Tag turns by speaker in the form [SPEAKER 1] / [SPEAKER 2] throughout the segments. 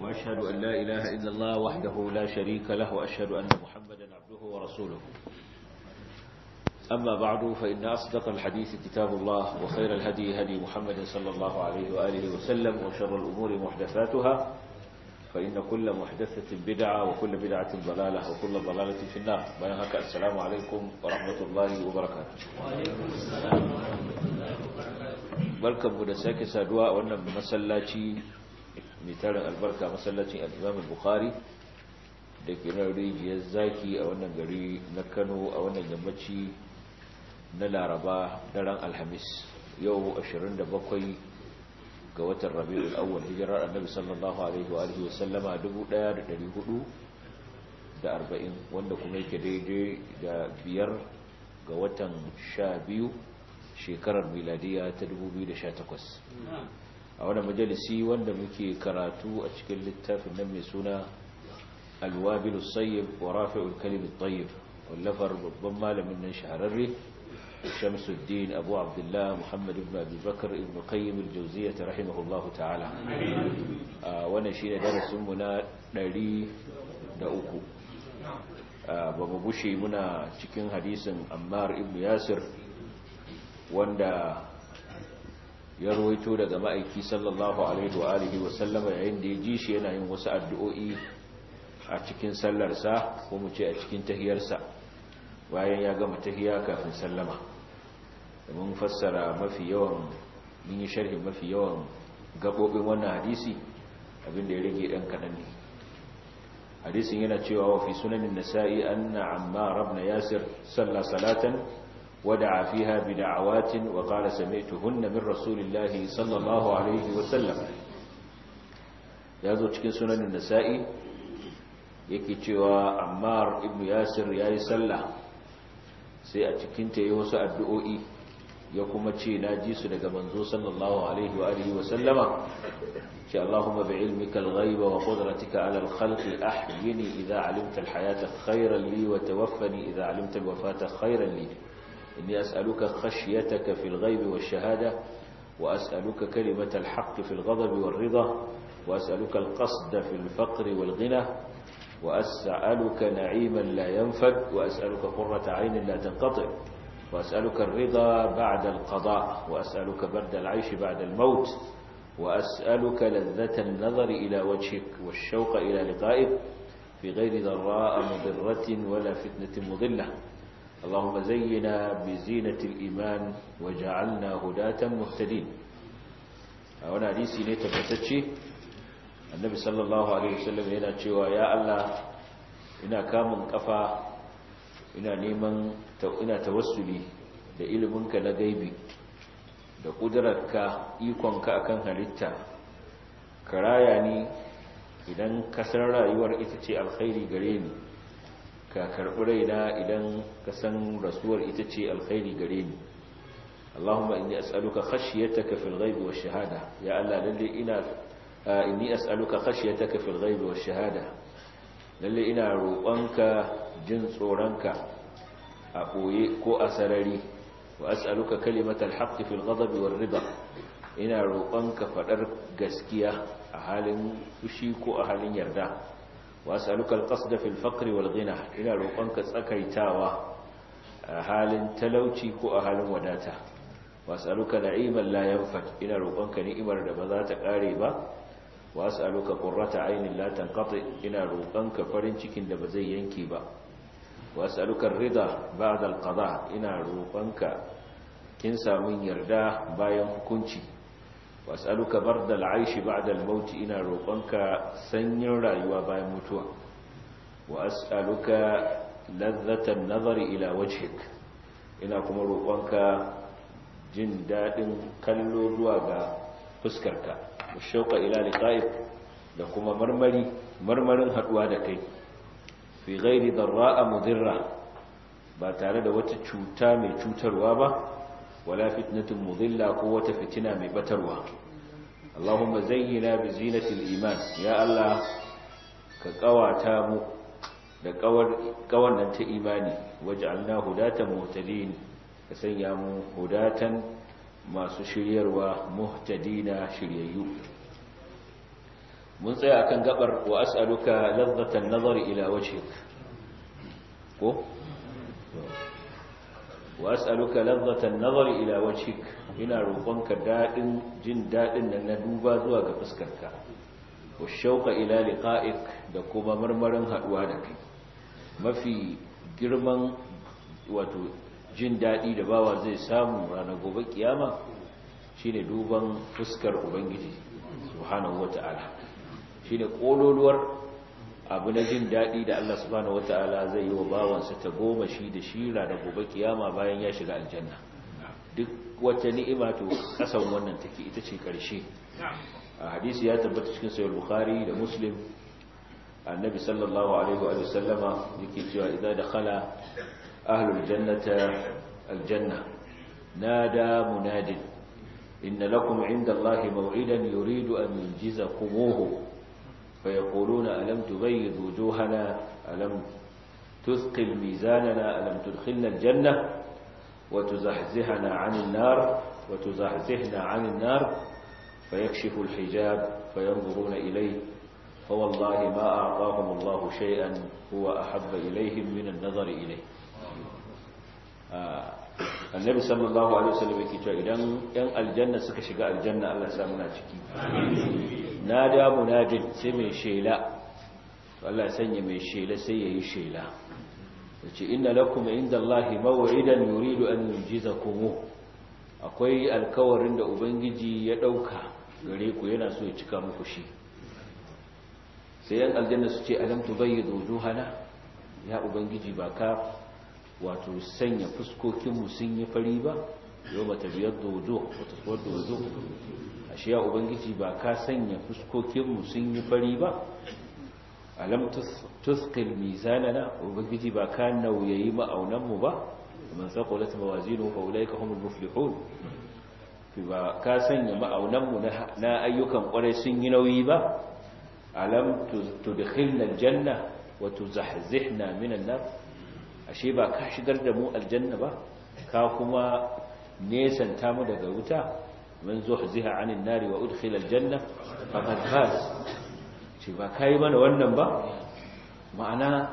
[SPEAKER 1] وأشهد أن لا إله إلا الله وحده لا شريك
[SPEAKER 2] له وأشهد أن محمدا عبده ورسوله أما بعد فإن أصدق الحديث كتاب الله وخير الهدي هدي محمد صلى الله عليه وآله وسلم وشر الأمور محدثاتها فإن كل محدثة بدعة وكل بدعة ضلالة وكل ضلالة في النار بينك السلام عليكم ورحمة الله وبركاته وعليكم السلام
[SPEAKER 1] ورحمة الله وبركاته
[SPEAKER 2] بركة مدساك سادواء ونبنى مسلاتي mai albarka masallacin al'imamin bukhari da ke nan rijiyar zaki a wannan gari na kano a wannan yammaci na laraba daren alhamis yau 27 ga watan rabi'ul awwal hijirar annabi sallallahu alaihi wa alihi wasallama 1440 wanda kuma yake daidai da biyar ga watan 12 shekarar miladiya ta 2018 a wani majalisi wanda muke karatu a cikin littafin nan mai suna alwabilu sayyib wa rafi'ul kalimin tayyib wallafar babban malamin nan shahararre shamsuddin abu abdullah muhammad ibn abubakar ibn qayyim al-jawziyya rahimahullah ta'ala wannan shine darasin mu na 103 ba mu bushe muna cikin hadisin ammar ibn yasir wanda ya rawaito daga ma'aiki sallallahu alaihi wa alihi wa sallama yayin da ya ji shi yana yin wasu addu'o'i a cikin sallarsa ko mu ce a cikin tahiyarsa bayan ya gama tahiya kafin sallama mun fassara mafi yawan mun yi sharhi mafi yawan gabobin wannan hadisi abinda ya rage dan kadan ne hadisin yana cewa wa fi sunanin nasa'i anna ammar ibn yasir salla salatan ودعا فيها بدعوات وقال سمعتهن من رسول الله صلى الله عليه وسلم يازو cikin sunan nasa'i yake cewa Ammar ibn Yasir yayi sallah sai a cikin ta yi wasu addu'o'i ya kuma ce na ji su daga manzo sallallahu alaihi wa alihi wa sallama ce Allahumma bi ilmika al-ghaiba wa qudratika ala al-khalqi ahyini idha alimta al-hayata khayran li wa tawaffani idha alimta al-wafata khayran li إني أسألك خشيتك في الغيب والشهادة وأسألك كلمة الحق في الغضب والرضا وأسألك القصد في الفقر والغنى وأسألك نعيما لا ينفد وأسألك قرة عين لا تنقطع وأسألك الرضا بعد القضاء وأسألك برد العيش بعد الموت وأسألك لذة النظر إلى وجهك والشوق إلى لقائك في غير ضراء مضرة ولا فتنة مضلة اللهم زينا بزينة الإيمان وجعلنا هداة A wani hadisi ne tabbatacce annabi sallallahu alaihi wasallam yana cewa ya Allah ina kamun ƙafa, ina neman ina tawassuli da iliminka na gaibi da kudurarka ikonka akan halitta karaya ni idan kasar rayuwar ita ce alkhairi gare ni ka karɓi raina idan ka san rasuwar ita ce alkhairi gare ni Allahumma inni as'aluka khashyataka fil ghaibi wash shahada ya Allah lalle ina inni as'aluka khashyataka fil ghaibi wash shahada lalle ina roƙonka jin tsoronka a ɓoye ko a sarari wa as'aluka kalimatal haqqi fil ghadabi war riba ina roƙonka faɗar gaskiya a halin fushi ko a halin yarda wasu alƙasar da fakari walgina ina roƙonka tsakaitawa a halin talauci ko a halin wadata wasu alƙasar na'imar layan fat ina roƙonka ni'imar da ba za ta ƙare ba wasu alƙasar ƙurrata ainihin latin ƙafi ina roƙonka farin cikin da ba zai yanki ba wasu alƙasar rida ba da alƙada ina roƙonka kin samun yarda bayan hukunci was'aluka bardal aishi ba'dal mauti ina roƙonka sanyin rayuwa bayan mutuwa wa as'aluka nazari ila wajhik ina kuma roƙonka jin daɗin kallo zuwa ga fuskarka shauka ila liqa'ik da kuma marmari marmarin haduwa da kai fi ghairi darra'a mudirra ba tare da wata cuta mai cutarwa ba wala fitnatin mudilla ko wata fitina mai batarwa Allahumma zayyina bi zinatil iman ya Allah ka kawata mu da kawar nan ta imani waj'alna hudatan muhtadin ka sanya mu hudatan masu shiryarwa muhtadina shiryayyu mun tsaya akan gabar wa as'aluka ladhatan nazari ila wajhik ko wa as'aluka nazari ila wajhik ina roƙonka jin daɗin da na duba zuwa ga fuskarka wa shauqa ila liqa'ik da kuma marmarin haduwa da kai mafi girman wato jin daɗi da bawa zai samu ranar gobe kiyama shine duban fuskar ubangiji subhanahu wata'ala shine kololuwar abu na jin daɗi da Allah subhanahu wataala zai yi wa bawansa ta goma shi da shira da gobe kiyama bayan ya shiga aljanna duk wata ni'ima to kasan wannan take ita ce karshe a hadisi ya tabbata cikin sayar bukhari da muslim annabi sallallahu alaihi wa sallama yake cewa idan dakhala ahlul jannata aljanna nada munadin inna lakum inda allahi maw'idan yuridu an yunjizakumuhu فيقولون ألم تبيض وجوهنا ألم تثقل ميزاننا ألم تدخلنا الجنة وتزحزحنا عن النار وتزحزحنا عن النار فيكشف الحجاب فينظرون إليه فوالله ما أعطاهم الله شيئا هو أحب إليهم من النظر إليه آه، النبي صلى الله عليه وسلم يقول إن الجنة aljanna الجنة الله سامنا Allah ya na da munajin sai mai shela Allah sanya mai shela sai yayi shela yace inna lakum indallahi maw'idan yuridu an yujizakum akwai alkawarin da ubangiji ya dauka gare ku yana so ya cika muku shi sai yan aljanna su ce alam tubayyidu wujuhana ya ubangiji ba ka wato sanya fuskokin mu sun yi fari ba Yoba ta biyar da wujo ba ta tsuwar da wujo a shiya ubangiji ba ka sanya fuskokinmu sun yi fari ba alam tuskil mizanana ubangiji ba ka nauyayi ma'aunanmu ba man saqulat mawazinu fa ka humul muflihun
[SPEAKER 1] ba ka sanya ma'aunanmu na ayyukan kwarai sun yi nauyi
[SPEAKER 2] ba alam tudkhilna janna, wa tuzahzihna minan nar ashe ba ka shigar da mu aljanna ba ka kuma nesanta mu daga wuta man ziha anin nari wa udkhila aljanna faqad faz ce ba kai mana wannan ba ma'ana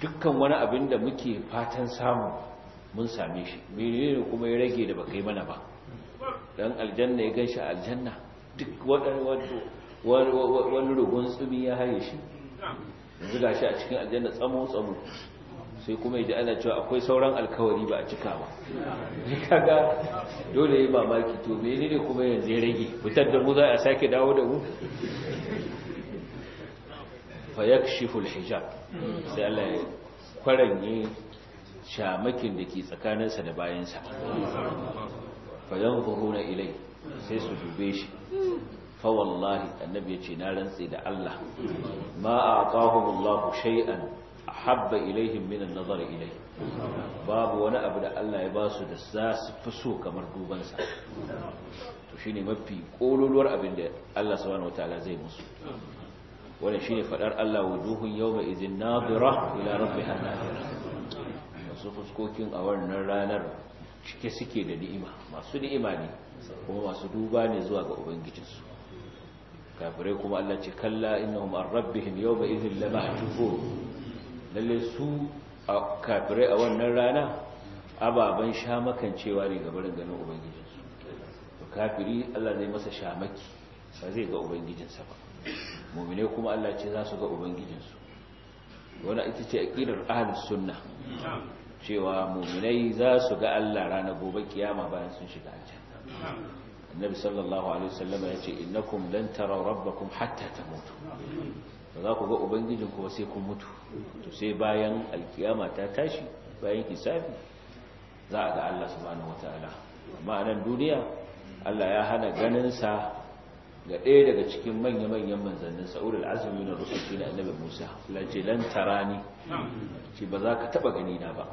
[SPEAKER 2] dukkan wani abin da muke fatan samu mun same shi menene kuma ya rage da baka yi mana ba dan aljanna ya ganshi aljanna duk wani rugun tsumi ya haye shi yanzu gashi a cikin aljanna tsamo tsamo sai kuma yaji ana cewa akwai sauran alkawari ba a cika ba kaga dole yi mamaki to menene kuma yanzu ya rage fitar da mu za a sake dawo da mu fa yakshifu alhijab sai Allah ya kwaranye shamakin da ke tsakaninsa da bayansa fa yanzuruna ilai sai su dube shi fa wallahi annabi ya ce na rantsi da Allah ma aqahu Allahu shay'an ahabba ilaihim min an-nazar ilayhi babu wani abu da Allah ya basu da za su fi so kamar duban sa to shine mafi kololuwar abin da Allah subhanahu wataala zai musu wannan shine fadar Allah wujuhun yawma idhin nadira ila rabbiha nadira wasu fuskokin a wannan ranar cike suke da ni'ima masu ni'ima ne kuma masu duba ne zuwa ga su kafirai kuma Allah ce kalla innahum an rabbihim yawma idhin lamahjubun lalle su a kafirai a wannan rana ababen shamakancewa ne ga barin ganin
[SPEAKER 1] ubangijinsu
[SPEAKER 2] to kafiri Allah zai masa shamaki ba zai ga ubangijinsa ba mummune kuma Allah ce za su ga ubangijinsu Wani ita ce a ƙirar ahalus sunna cewa mu'minai za su ga Allah rana gobe kiyama bayan sun
[SPEAKER 1] shiga ajiyar
[SPEAKER 2] annabi sallallahu alaihi wasallam ya ce innakum lan taraw rabbakum hatta tamutu ba za ku ga ubangijin kuma sai kun mutu to sai bayan alkiyama ta tashi bayan hisabi za a ga Allah subhanahu wataala amma a nan duniya Allah ya hana ganinsa sa ga ɗaya daga cikin manya-manyan manzannin sa'urul al'azumi na rusul shi na annabi musa lance lan tarani shi ba za ka taɓa gani na ba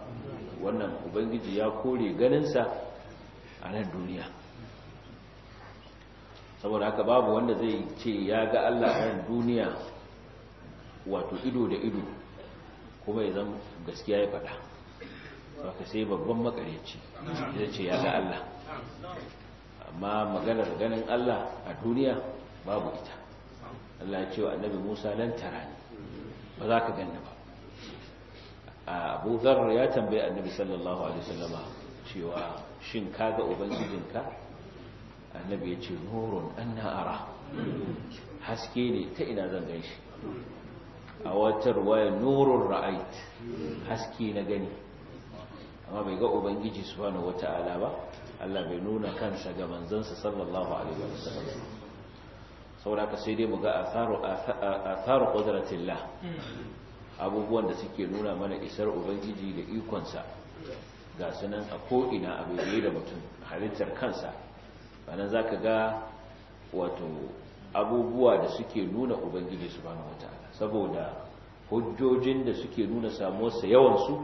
[SPEAKER 2] wannan ubangiji ya kore ganinsa a nan duniya saboda haka babu wanda zai ce ya ga allah a nan duniya wato ido da ido kuma ya zama gaskiya ya faɗa saka sai babban makareci ya ce ya ga Allah
[SPEAKER 1] amma maganar
[SPEAKER 2] ganin Allah a duniya babu ita Allah ya ce wa annabi Musa nan tara ne
[SPEAKER 1] ba za ka ganna ba
[SPEAKER 2] Abu zarar ya tambaye annabi sallallahu alaihi wasallama cewa shin ka ga ubangijinka annabi ya ce nurun anna ara haske ne ta ina zan ganshi a watar waya nurun haske na gani amma bai ga ubangiji subhanahu wata'ala ba Allah bai nuna kansa ga manzansa sallallahu alaihi wasallam saboda ka sai dai mu ga atharu atharu qudratillah abubuwan da suke nuna mana isar ubangiji da ikonsa ga sunan a ko'ina abu da mutum halittar kansa bana za ka ga wato abubuwa da suke nuna ubangiji su bane wata saboda hujjojin da suke nuna samuwarsa yawansu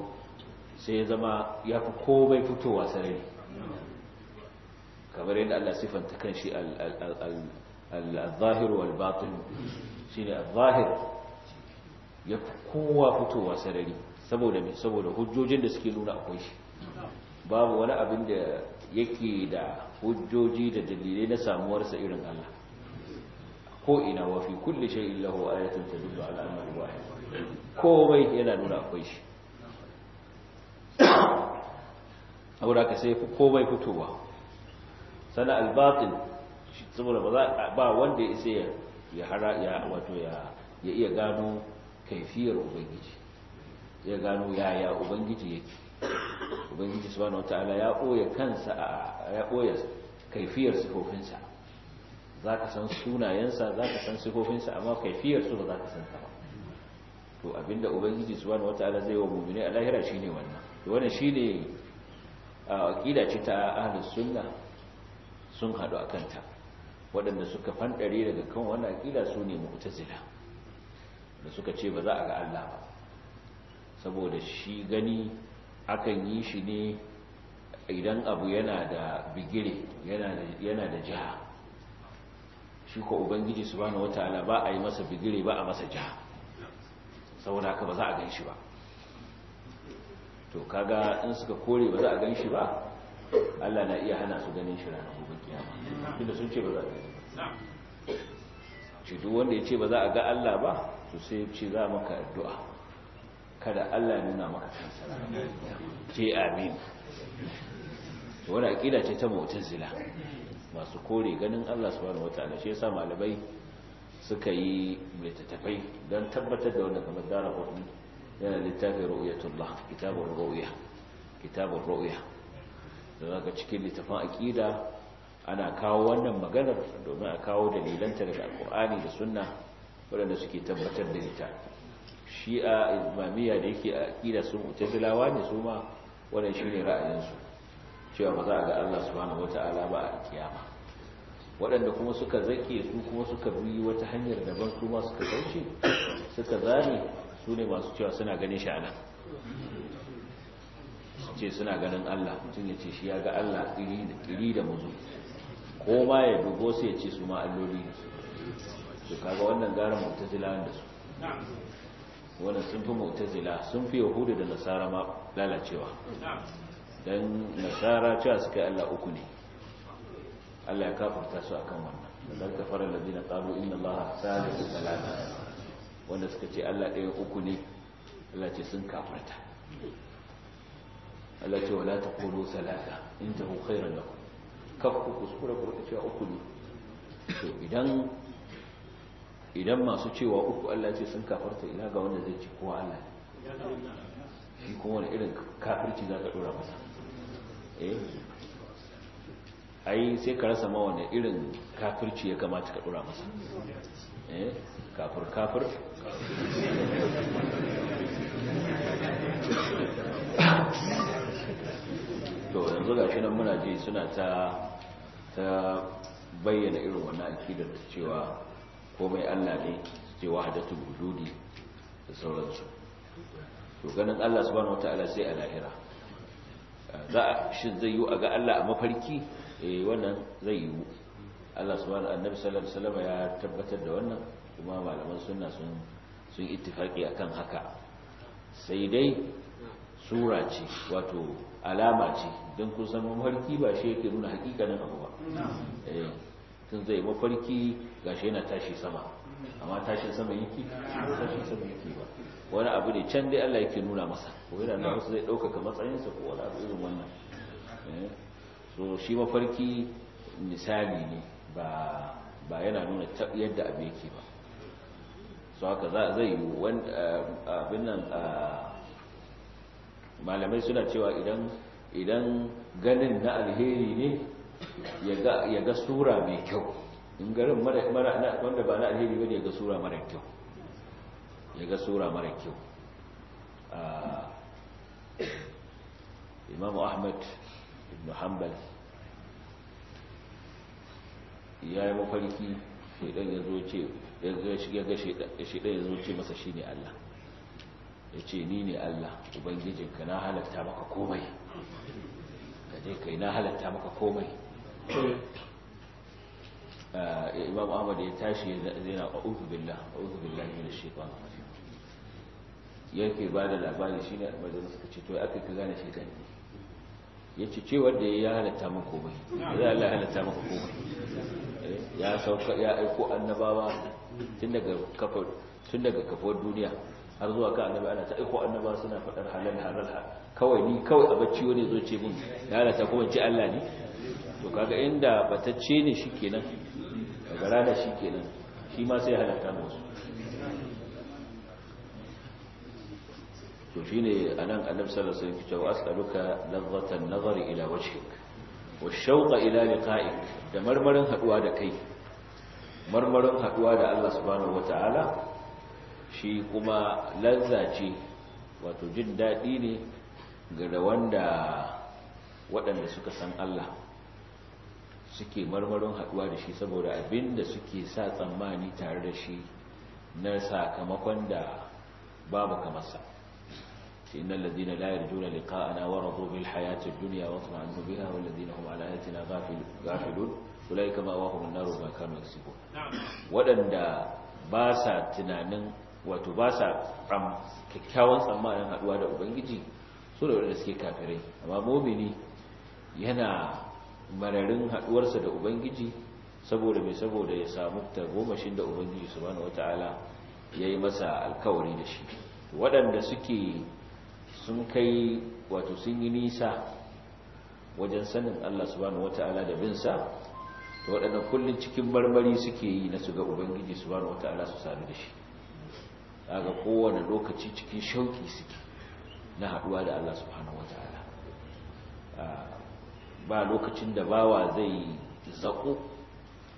[SPEAKER 2] sai ya zama ya fi komai fitowa sarari kamar yadda Allah sifanta kan shi al-zahir wal-batin shi ne al-zahir ya fi kowa fitowa sarari saboda mai saboda hujjojin da suke nuna akwai shi babu wani abin da yake da hujjoji da dalilai na samuwarsa irin Allah ko ina wa fi kulli shay'in lahu ayatun tadullu ala annahu wahid bai yana nuna akwai shi aura ka sai ko bai fitowa sana al-batil saboda ba ba wanda ya isa ya hara ya wato ya iya gano kaifiyar ubangiji ya gano yaya ubangiji yake ubangiji subhanahu wataala ya koya kansa ya koya kaifiyar sifofinsa za ka san sunayensa za ka san sifofinsa amma kaifiyarsu su ba za ka san ta ba to abinda ubangiji wata wataala zai wa mu'mini a lahira ne wannan to wannan shine wakila ce ta ahalin sunna sun haɗu a kanta, waɗanda suka fanɗare daga kan wani akila su ne mu'tazila da suka ce ba za a ga Allah ba saboda shi gani akan yi shi ne idan abu yana da bigire yana da jiha shi ko ubangiji subhanahu wataala ba a yi masa bigire ba a masa jiha saboda haka ba za a ganshi ba to kaga in suka kore ba za a ganshi ba Allah na iya hana su ganin shi ranar gobe kiyama tunda sun ce ba za a ganshi ba shi duk wanda ya ce ba za a ga Allah ba to sai ce za maka addu'a kada Allah ya nuna maka kansa ce amin to wani aqida ce ta mu'tazila masu kore ganin Allah subhanahu wataala shi sa malamai suka yi littattafai don tabbatar da wanda kamar dara hudu yana littafin ru'yatullah kitabun ru'ya kitabun ru'ya da ka cikin littafin aƙida, ana kawo wannan maganar domin a kawo dalilanta daga kur'ani da sunna waɗanda suke tabbatar da ita shi'a imamiyya da yake a aƙida sun mutazilawa ne su ma wannan shine ra'ayinsu cewa ba za a ga Allah subhanahu wata'ala ba a kiyama waɗanda kuma suka zake su kuma suka bi wata hanyar daban su ma suka kauce suka zane su ne masu cewa suna ganin shi su ce suna ganin Allah mutum ya ce shi ya ga Allah iri da muzu ko ma ya dubo su ya ce su ma alloli su kaga wannan gara mu'tazila da su wannan sun fi mu'tazila sun fi yahudu da nasara ma lalacewa don nasara cewa suka Allah uku ne Allah ya kafarta su akan wannan dan kafara ladina qalu inna allaha salisu salama, wanda suka ce Allah ɗaya uku ne Allah ce sun kafarta Allah ce wala taqulu salata intahu khairan lakum kafku kuskura ko ta cewa uku ne to idan idan masu cewa uku Allah ce sun kafarta ina ga wanda zai ci kowa Allah shi kuma wani irin kafirci za ka dora masa eh ai sai ka rasa ma wani irin kafirci ya kamata ka dora masa eh kafir kafir
[SPEAKER 1] to yanzu ga shi nan muna
[SPEAKER 2] ji suna ta ta bayyana irin wannan akidar cewa komai Allah ne ce wahdatul wujudi da sauransu to ganin Allah subhanahu wataala sai a lahira za a shi zai yi a ga Allah a mafarki e wannan zai yi Allah wani annabi salama ya tabbatar da wannan kuma malaman sunna sun sun a kan haka sai dai sura ce wato alama ce don kun san mafarki ba shi yake nuna hakikanin abu ba eh tun zai mafarki ga shi yana tashi sama
[SPEAKER 1] amma tashin sama yake tashin sama yake
[SPEAKER 2] ba wani abu ne can dai Allah yake nuna masa ko yana da wasu zai ɗaukaka matsayinsa ko wani abu irin wannan eh, so shi mafarki misali ne ba ba yana nuna yadda abu yake ba so haka zai yi abin nan malamai suna cewa idan idan ganin na alheri ne ya ga sura mai kyau in garin wanda ba na alheri ba ne ya ga sura mara kyau ya ga sura mara kyau imam ahmad ibn hanbal ya yi mafarki shaidan ya zo ce ya ga shaidan ya zo ce masa shi ne allah ya ce ni ne allah ubangijinka na halatta maka komai ka je kai na halatta maka komai imam ahmad ya tashi zai na a'udhu billah ne da shekwa na mafi yake ba da labari shi ne majalisar suka ce to aka ka gane shaidan ne ya ce ce wadda ya halatta min komai ya Allah halatta mako komai eh, ya sauka ya aiko annabawa tun daga kafar duniya har zuwa ka annabi ana ta aiko annabawa suna fadar halar halal kawai ni kawai a bacci wani zo ce min ya halatta kuma ce Allah ne to kaga inda batacce ne kenan daga rana shikenan shi ma sai halatta musu to shine anan annabi sallallahu alaihi wasallam cewa as'aluka ladhatan nazari ila wajhik wa shauqa ila liqa'ik da marmarin haɗuwa da kai marmarin haɗuwa da Allah subhanahu wataala shi kuma lazzaci wato jin dadi ne ga wanda waɗanda suka san Allah suke marmarin haɗuwa da shi saboda abinda suke sa tsammani tare da shi na sakamakon da babu kamar sa. ce innal ladina la yarjuna liqa'ana wa radu bil hayati ad-dunya wa tma'annu biha wal ladina hum ala ayatina ghafilun ulaika ma wahum an-nar wa kanu yaksibun wadanda ba sa tunanin wato ba sa kyakkyawan tsammanin haɗuwa da ubangiji su da wadanda suke kafirai amma mu'mini yana mararin haɗuwarsa da ubangiji saboda mai saboda ya samu gomashin da ubangiji subhanahu ya yi masa alkawari da shi waɗanda suke sun kai wato sun yi nisa wajen sanin Allah subhanahu wata'ala da bin sa to waɗannan kullun cikin barbari suke yi na su ga ubangiji subhanahu wata'ala su sami da shi daga kowane lokaci cikin shauki suke na haduwa da Allah subhanahu wata'ala ba lokacin da bawa zai zako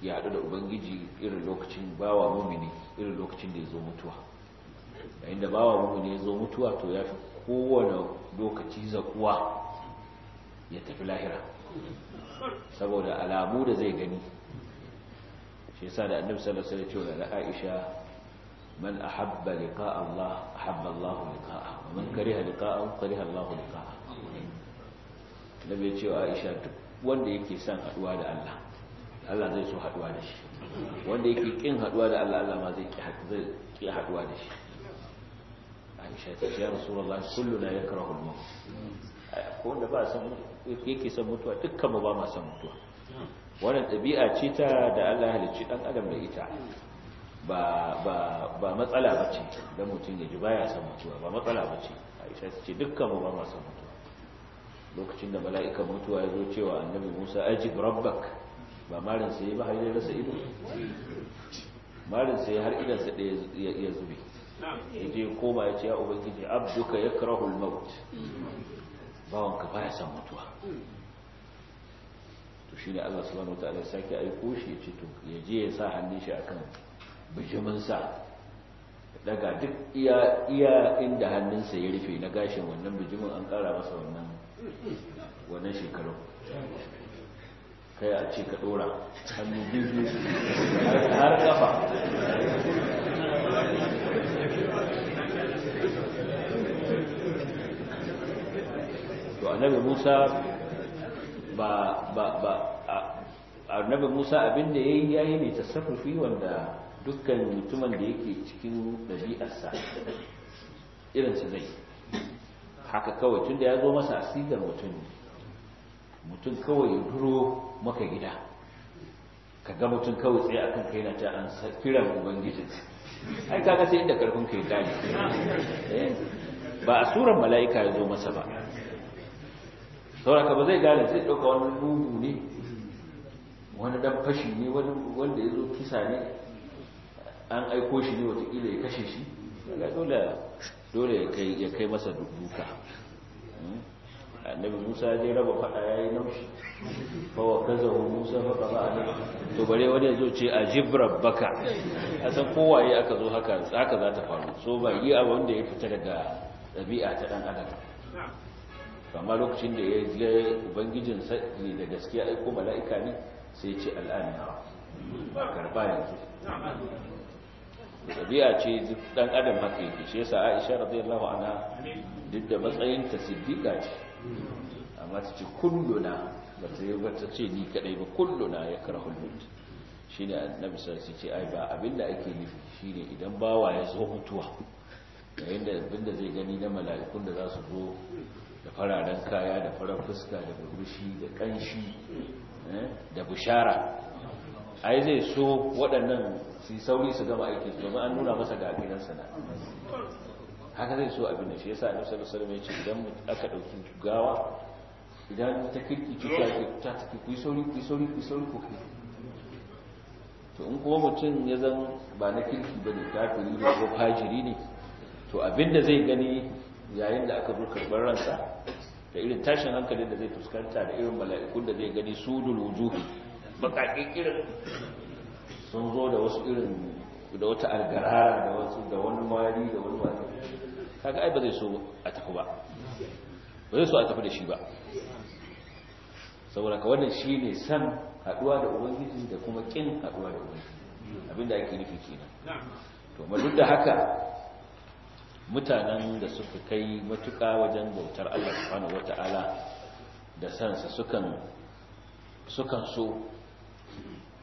[SPEAKER 2] ya haɗu da ubangiji irin lokacin bawa mumini irin lokacin da ya zo mutuwa yayin da bawa mumini ya zo mutuwa to ya fi kowane lokaci zakuwa ya tafi lahira saboda alamu da zai gani shi sa da annabi sallallahu alaihi wasallam ya ce wa Aisha man ahabba liqa Allah ahabba Allah liqa'a, wa man kariha liqa'a, kariha Allah liqa'ahu nabi ya ce wa Aisha duk wanda yake son haduwa da Allah Allah zai so haduwa da shi wanda yake kin haduwa da Allah Allah ma zai ki haduwa da shi aisha ta ce ya rasulullahi kulluna yakrahu al-maut ko wanda ba san yake son mutuwa dukkan mu ba ma san mutuwa
[SPEAKER 1] wannan ɗabi'a ce ta da
[SPEAKER 2] Allah halicci dan adam da ita ba matsala ba ce don mutum ya ji ya san mutuwa ba matsala ba ce aisha ta ce dukkan mu ba ma san mutuwa lokacin da mala'ikan mutuwa ya zo cewa annabi Musa ajib rabbak ba marin sai ba har ya rasa ido marin sai har idan sa ya zube je koma ya ce ya ubangiji abduka ya karahul maut
[SPEAKER 1] bawanka ba ya san mutuwa
[SPEAKER 2] to shi ne allah subhanahu wa ta'ala sake aiko shi ya ce to ya je ya sa hannun shi akan bijiminsa daga duk iya iya inda hannunsa ya rufe na gashin wannan bijimin an kara masa wannan wannan shekaru kai a ce ka dora hannu biyu har kafa
[SPEAKER 1] annabi musa ba ba ba
[SPEAKER 2] annabi musa abinda yayi yayi ne tasarrufi wanda dukkan mutumin da yake cikin dabi'arsa irin su zai haka kawai tunda ya zo masa asigar mutum mutum kawai ya duro maka gida ka ga mutum kawai tsaye akan kai na ta an kiran ubangijin ai kaga sai inda karfin kai gane eh, ba a surar mala'ika ya zo masa ba sauraka ba zai gane zai ɗauka wani rubu ne wani dan fashi ne wanda ya zo kisa ne an aiko shi ne watakila ya kashe shi dole ya kai masa duka annabi musa ya je raba fada ya yi naushi fawa kaza wa musa faɗa ba a nan to bare wani ya zo ce a jibrar baka a san kowaye aka zo haka za ta faru so ba yi abu wanda ya fita daga ɗabi'a ta ɗan adam amma lokacin da ya zai ubangijin sai da gaskiya aiko mala'ika ne sai ce al'ani ba
[SPEAKER 1] karba yanzu
[SPEAKER 2] tabi'a ce dan adam haka yake shi yasa Aisha radiyallahu anha duk da matsayin ta siddiqa ce amma ta ce kulluna ba ta yi wata ce ni kadai ba kulluna ya karhul maut shine annabi sai alaihi ce ai ba abinda ake nufi shine idan bawa ya zo mutuwa yayin da abinda zai gani na mala'ikun da za su zo da fararen kaya da farar fuska da burushi da kanshi eh, da bushara ai zai so waɗannan su sauri su gama aiki domin an nuna masa ga aƙinan sana haka zai so abin da shi yasa annabi sallallahu alaihi wasallam ya ce idan aka dauki gawa idan ta kirki cuta ta tafi ku sauri ku sauri ku sauri ku to in kuma mutum ya zan ba na kirki ba ne kafiri ne ko fajiri ne to abinda zai gani yayin da aka zo karɓar ransa da irin tashin hankalin da zai fuskanta da irin mala'ikun da zai gani sudul wujuhi bakakin irin sun zo da wasu irin da wata algarara da wasu da wani mari da wani wani kaga ai ba zai so a tafi ba ba zai so a tafi da shi ba saboda ka wannan shi ne san haɗuwa da ubangiji da kuma kin haɗuwa da ubangiji abinda ake nufi kenan to ma duk da haka mutanen da suka kai matuƙa wajen bautar Allah subhanahu wata'ala da sansa sukan sukan so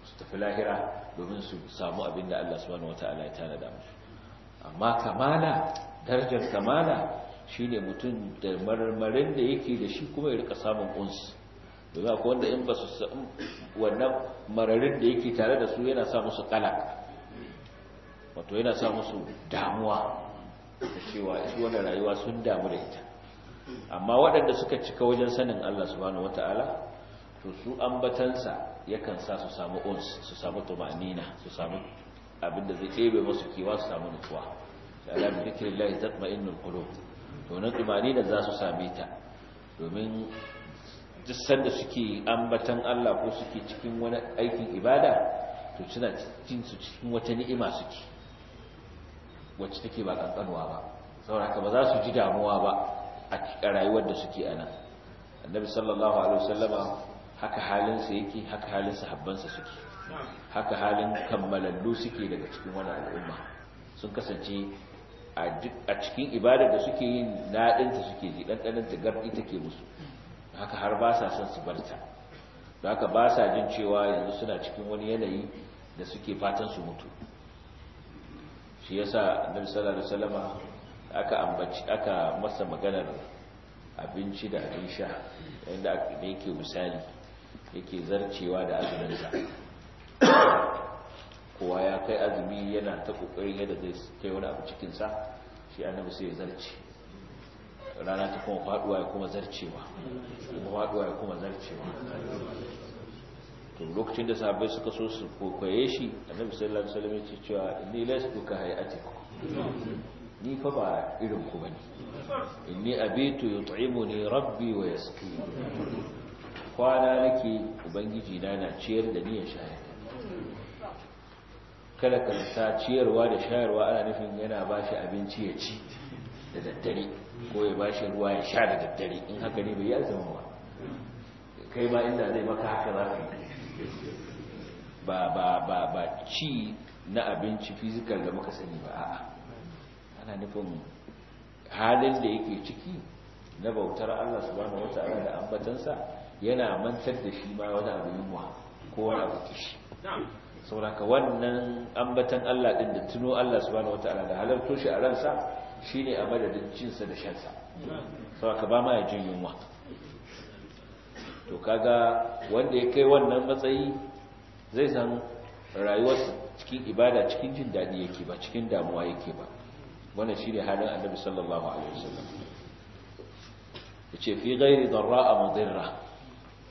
[SPEAKER 2] su tafi lahira domin su samu abin da Allah subhanahu wata'ala ya tana da musu amma kamala darajar kamala shine mutum da marmarin da yake da shi kuma ya rika samun kunsu. domin akwai wanda in ba su wannan mararin da yake tare da su yana sa musu kala. wato yana sa musu damuwa da cewa ci wannan rayuwa sun damu da ita amma waɗanda suka cika wajen sanin Allah subhanahu wata'ala to su ambatansa yakan sa su samu uns su samu tumanina su samu abinda zai kebe musu kewa su samu nutsuwa da Allah bi zikrillah tatma'innul qulub to na tumanina za su same ta domin duk sanda suke ambatan Allah ko suke cikin wani aikin ibada to suna cikin su cikin wata ni'ima suke wacce take ba kankanwa ba saboda ba za su ji damuwa ba a rayuwar da suke ana annabi sallallahu alaihi wasallama haka halin halinsa yake haka halin su suke haka halin kammalallu suke daga cikin wani al'umma sun kasance a cikin ibadar da suke yin ta suke ji ɗanɗanin ta garɗi take musu haka har ba sa son su barta da haka ba sa jin cewa yanzu suna cikin wani yanayi da suke fatan su mutu shi yasa annabi sallallahu alaihi wasallama aka masa maganar abinci da abin sha inda yake misali yake zarcewa da azuminsa kowa ya kai azumi yana ta kokari yadda zai kai wani abu cikinsa shi annabi sai ya zarce rana ta kuma faduwa ya kuma zarcewa kuma faduwa ya kuma zarcewa to lokacin da sahabbai suka so su kokoye shi annabi sallallahu alaihi wasallam ce cewa inni lastu ka hayatikum ni fa ba irin ku bane inni abitu yut'imuni rabbi wa yasqini kwana nake ubangiji na na ciyar da ni ya shayar kada ka ta ciyarwa da shayarwa ana nufin yana bashi abinci ya ci da daddare ko ya bashi ruwa ya sha da daddare in haka ne bai yi zama ba kai ba inda zai maka haka za ka yi ba ba ba ba ci na abinci fizikal da muka sani ba a'a ana nufin halin da yake ciki na bautar Allah subhanahu wata'ala da ambatansa yana mantar da shi ma wani abu yunwa ko wani abu kishi sauraka wannan ambatan Allah din da tuno Allah subhanahu wata'ala da halartoshi shi a ransa shine a madadin cinsa da shansa sauraka ba ma ya jin yunwa to kaga wanda ya kai wannan matsayi zai san rayuwar cikin ibada cikin jin daɗi yake ba cikin damuwa yake ba wannan shi ne halin annabi sallallahu alaihi wasallam yace fi ghairi darra mudirra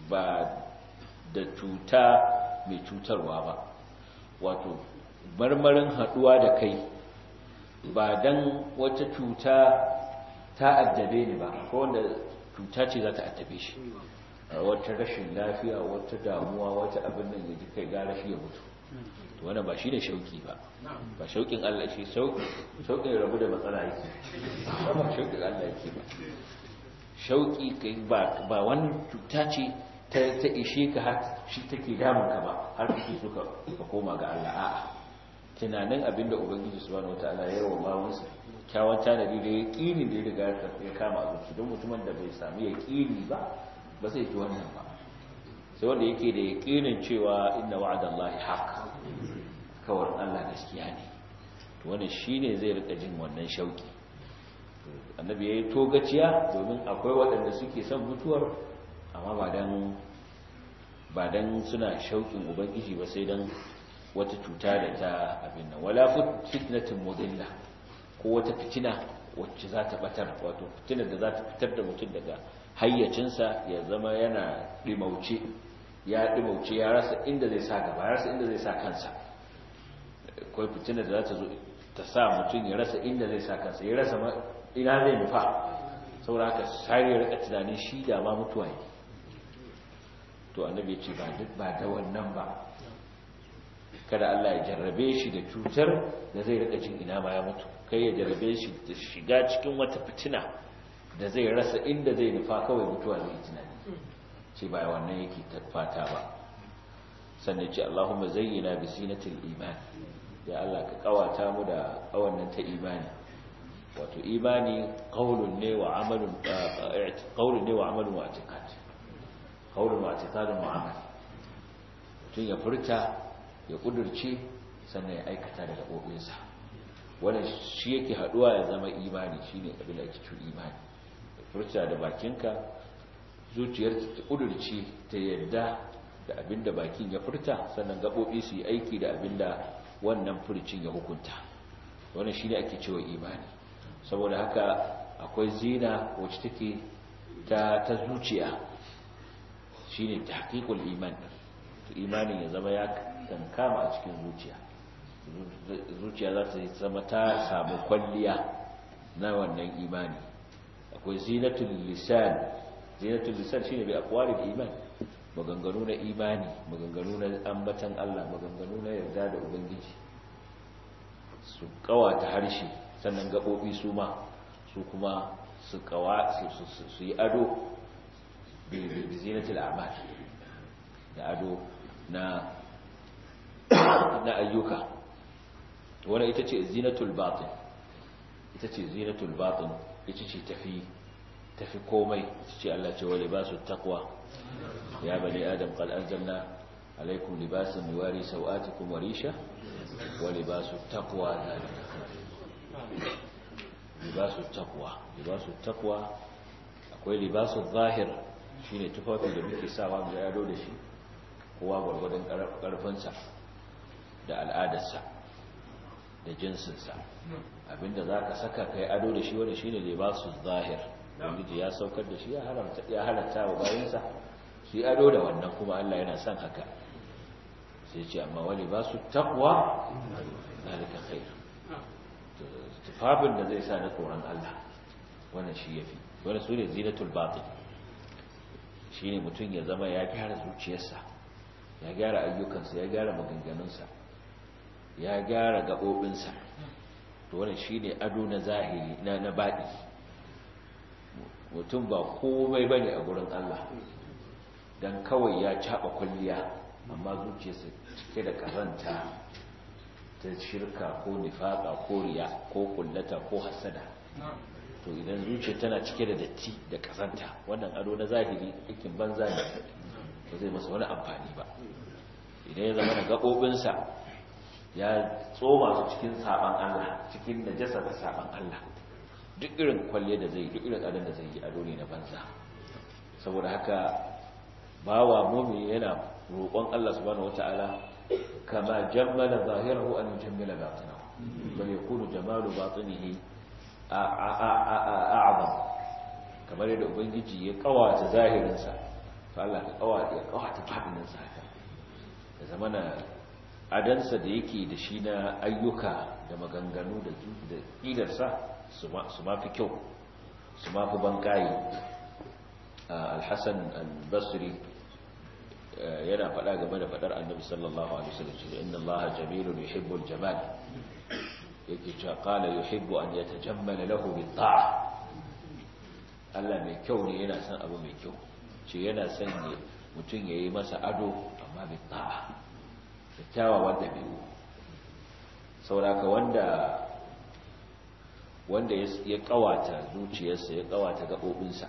[SPEAKER 2] ba da cuta mai cutarwa ba wato marmarin haɗuwa da kai ba dan wata cuta ta addabe ni ba ko wanda cuta ce za ta addabe shi wata rashin lafiya wata damuwa wata abin da yaji kai gara shi ya mutu to wannan ba shi da shauki ba ba shaukin Allah shi shauki rabu da matsala yake ba shaukin Allah yake ba shauki kai ba ba wani cuta ce ta ta ishe ka har shi take damun ka ba har kake so ka koma ga Allah a'a tunanin abinda ubangiji subhanahu wataala ya yawa bawansa kyawun tanadi da ya kini da ya riga ya kama a zuci don mutumin da bai sami ya kini ba ba zai ji wannan ba sai wanda yake da yaqinin cewa inna wa'adallahi haqq kawar Allah gaskiya ne to wannan shine zai rika jin wannan shauki annabi yayi togaciya domin akwai waɗanda suke son mutuwar amma ba dan ba dan suna shaukin ubangiji ba sai dan wata cuta da ta abin nan wala fitnatin mudilla ko wata fitina wacce za ta batar wato fitinar da za ta fitar da mutum daga hayyacinsa ya zama yana dimauce ya dimauce ya rasa inda zai sa gaba ya rasa inda zai sa kansa kawai fitina da za ta zo ta sa mutum ya rasa inda zai sa kansa ya rasa ina zai nufa saura haka sai ya rika tunanin shi da ma mutuwa ne to annabi ya ce ba duk ba da wannan ba kada Allah ya jarrabe shi da cutar da zai rika jin ina ma ya mutu kai ya jarrabe shi da shiga cikin wata fitina da zai rasa inda zai nufa kawai mutuwa zai tunani ce ba wannan yake fata ba sannan ce Allahumma zayyana bi sinatil iman ya Allah ka kawata mu da awannan ta imani wato imani qaulun ne wa amalun qaulun ne wa amalun wa qaulun wa wa amal tun ya furta ya kudurce sannan ya aikata da gabobinsa wannan shi yake haduwa ya zama imani shine abin da ake imani furta da bakinka zuciyar ta kudurci ta yadda da abinda bakin ya furta sannan gabobi su yi aiki da abinda wannan furcin ya hukunta wannan shine ake cewa imani saboda haka akwai zina wacce take ta ta zuciya shine tahqiqul iman imanin ya zama ya kankama a cikin zuciya zuciya za ta zama ta samu kwalliya na wannan imani wa zinatul lisan zinatul lisan shine bi aqwalil iman maganganu na imani maganganu na ambatan Allah maganganu na yarda da ubangiji su kawata harshe sannan gabobi su ma su kuma su kawa su yi ado bi zinatul a'mal da ado na na ayyuka wannan ita ce zinatul batin ita ce zinatul batin ita ce tafi tafi komai ce Allah ce wa libasu taqwa ya bani adam qad anzalna alaikum libasan yuwari sawatikum wa risha wa libasu taqwa
[SPEAKER 1] zalika libasu
[SPEAKER 2] taqwa libasu taqwa akwai libasu zahir shine tufafin da muke sawa mu yado da shi kowa gwargwadon karfinsa da al'adarsa da jinsinsa abinda za ka saka kai ado da shi wanda shine libasu zahir ubangiji ya saukar da shi ya haramta ya halatta wa bayansa su ado da wannan kuma Allah yana son haka sai ce amma wali ba su taqwa zalika khair tufafin da zai sa na tsoron Allah wannan shi yafi wannan su ne zinatul batin shine mutum ya zama ya gyara zuciyarsa ya gyara ayyukansa ya gyara maganganunsa ya gyara gaɓoɓinsa to wannan shine ado na zahiri na na baɗi mutum ba komai ba ne a gurin Allah don kawai ya caɓa kwalliya, amma su cike da karanta ta shirka ko nifaqa ko riya ko kullata ko hasada to idan zuce tana cike da datti da kazanta wannan ado na zahiri aikin banza ne ba zai masa wani amfani ba idan ya zama da gaɓoɓinsa ya tsoma su cikin sabon Allah cikin najasa da sabon Allah duk irin kwalle da zai duk irin tsadan da zai yi a doni na banza saboda haka bawa Mumin yana roƙon Allah subhanahu wataala kama jammala zahirahu an yujammila batinahu bal yakunu jamalu batinihi a'zam kamar yadda ubangiji ya kawata zahirinsa to Allah ka kawata ya kawata fadinsa haka da zamana adansa da yake da shi na ayyuka da maganganu da ƙidarsa su ma fi kyau su ma fi bankayi alhassan albasri eh, yana faɗa game da faɗar annabi sallallahu alaihi wasallam cewa inna allaha jamilun yuhibbul jamal yake cewa qala yuhibbu an yatajammala lahu bi ta'a Allah mai kyau ne yana son abu mai kyau ce yana son ne mutum ya yi masa ado amma bi ta'a da kyawawan dabi'u sauraka wanda wanda ya kawata zuciyarsa ya kawata gaɓoɓinsa